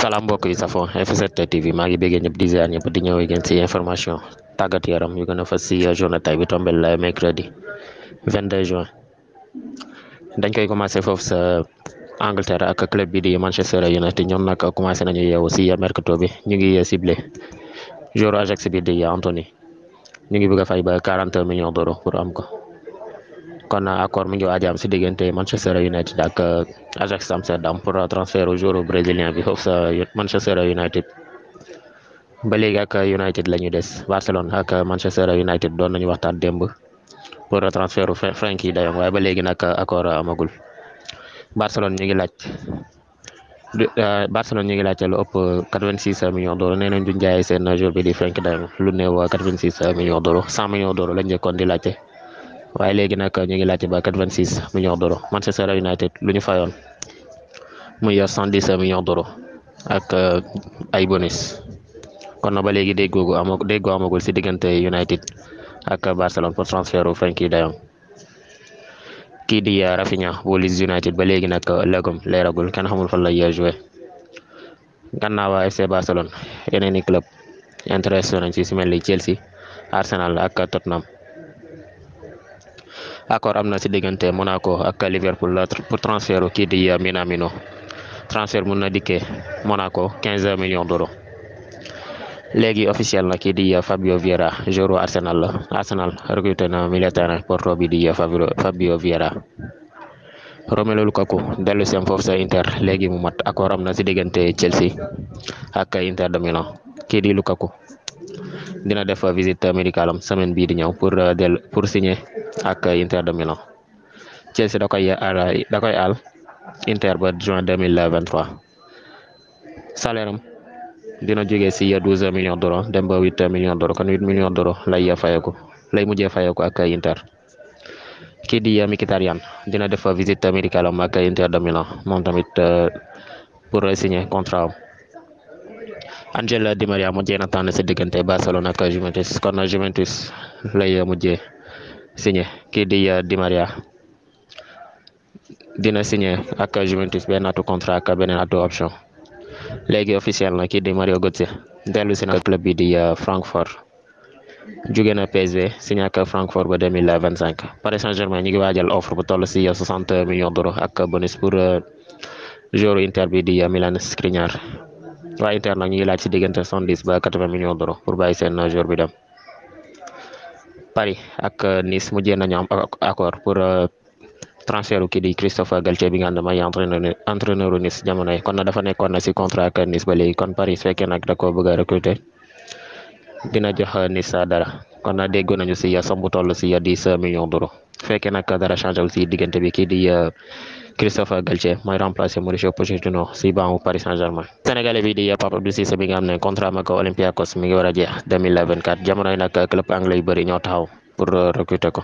salaam mbokk yi safo F7 TV maa ngi béggee ñëpp di ziar ñëpp di ñëw ngeen information tàggat yaram yu gën a fas ci journée tey bi tombé le mercredi 22 juin dañ koy commencé foofu sa Angleterre ak club bi di Manchester United ñoom nag commencé nañu yeewu ci mercato bi ñu ngi ciblé joueur Ajax bi di Anthony ñu ngi bëgg fay ba 40 millions d'euros pour am ko. kon accord mu ngi waaj am si diggante Manchester United ak euh, Ajax Amsterdam pour euh, transfert joueur brésilien bi foofu sa Manchester United ba léegi ak United la des Barcelone ak Manchester United doon nañu waxtaan démb pour euh, transfert Frenkie de Jong waaye ba léegi nag accord amagul Barcelone ñu ngi laaj Barcelone ñu ngi laajte lu ëpp quatre-vingt-six millions d'euros nee nañ duñ jaayee seen joueur bi di Frenkie de lu néew quatre-vingt-six millions d'euros lañ njëkkoon di laajte. waaye léegi nag ñu ngi laajte ba quatre-vingt-six millions d'euros Manchester United lu ñu fayoon muy yor cent dix millions d'euros ak euh, ay bonus kon na ba léegi déggoo amagul déggoo amagul si diggante United ak Barcelone pour transfert Frenkie de Jong kii di euh, Rafinha bu Leeds United ba léegi nag euh, lëgum leeragul kenn xamul fan lay joué gannaaw waa FC Barcelone yeneen i club intéressé nañ si su mel ni Chelsea Arsenal ak Tottenham. accord am na si diggante Monaco ak Liverpool pour transfert kii di euh, Minamino transfert mun na dikkee Monaco 15 millions d'euros léegi officiel na kii di euh, Fabio Vieira joueur Arsenal la Arsenal recruté na milieu terrain Porto bi di euh, Fabio Vieira Romelu Lukaku dellu si am foofu sa Inter léegi mu mat accord am na si diggante Chelsea ak Inter de kii di Lukaku dina def visite médicale am semaine bii di ñëw pour euh, del pour ak Inter de Milan Chelsea da koy da Inter ba juin deux mille vingt trois salaire am dina jógee si douze millions d'euros dem ba huit millions d'euros kon huit millions d'euros lay fayeeku lay mujjee fayeeku ak Inter kii di euh, Mkhitaryan dina def visite médicale am ak Inter de Milan moom tamit euh, pour signer contrat Angel Di Maria mujjee na tànn si diggante Barcelona ak Juventus kon Juventus lay mujjee signé kii di uh, Di Maria dina signé ak Juventus benn atu contrat ak beneen atu option léegi officiel na kii di Mario Götze dellu si na club bi di uh, Francfort jóge na PSV signé ak Francfort ba 2025 Paris Saint-Germain ñu ngi waajal offre bu toll si 60 uh, millions d'euros ak bonus pour joueur Inter bi di Milan Skriniar waa Inter nag ñu ngi laaj ci diggante soixante-dix ba quatre-vingts millions d'euros pour bàyyi seen joueur bi dem Paris ak Nice mujjee nañu am accord pour euh, transfert kii di Christophe Galtier bi nga xam ne mooy entraîneur entraîneur u kon na dafa nekkoon na si contrat ak Nice ba léegi kon Paris fekkee nag da koo bëgg a recruter dina jox nis Nice dara kon na dégg nañu si somb toll si ya dix millions d'euros fekkee nag dara changé aussi diggante bi kii di euh, Christophe Galtier mooy remplacer Mauricio Pochettino si bangu Paris Saint-Germain Sénégalais bi di Pape Abdou Cissé bi nga xam ne contrat ma ko Olympiakos mi ngi war a jeex 2024 jamono yi club anglais yu bëri taxaw pour recruter ko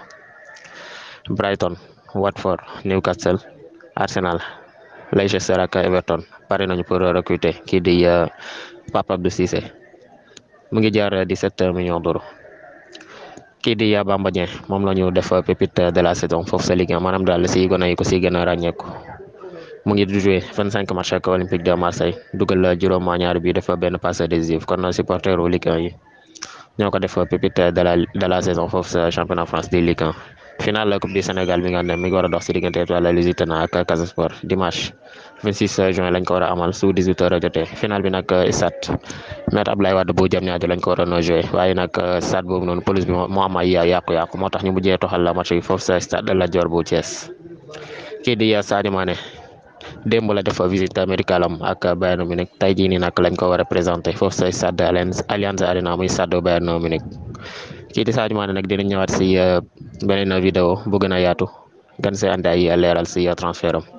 Brighton Watford Newcastle Arsenal Leicester ak Everton pare nañu pour recruter kii di euh, Pape Abdou Cissé mu ngi jaar 17 millions d'euros kii di ba Mbañe moom la ñu def pépite de la saison foofu sa ligue maanaam daal si gone yi ko si gën a ràññeeku mu ngi joué vingt cinq match ak Olympique de Marseille dugal juróom ñaar bi def benn passe décisive kon supporter u Ligue yi ñoo ko def pépite de la de la saison foofu sa championnat France di Ligue final la coupe du Sénégal bi nga xam ne mi ngi war a dox si diggante Étoile Lusitana ak Casa Sport dimanche 26 juin lañ ko war a amal su 18 heures jotee final bi nag euh, stade Maître Abdoulaye Wade bu Diamniadio lañ ko war a joué waaye nag euh, stade boobu noonu police bi moo am ay yàqu-yàqu moo tax ñu mujjee toxal match bi foofu sa stade Lat Dior bu Thiès kii di euh, Sadio Mané démb la def visite médicale am ak Bayern Munich tey jii nii nag lañ ko war a présenté foofu sa stade Allianz Arena muy stade Bayern Munich kii di Sadio Mané nag dinañ ñëwaat si euh, beneen vidéo bu gën a yaatu gën see andi ay leeral si euh, transfert am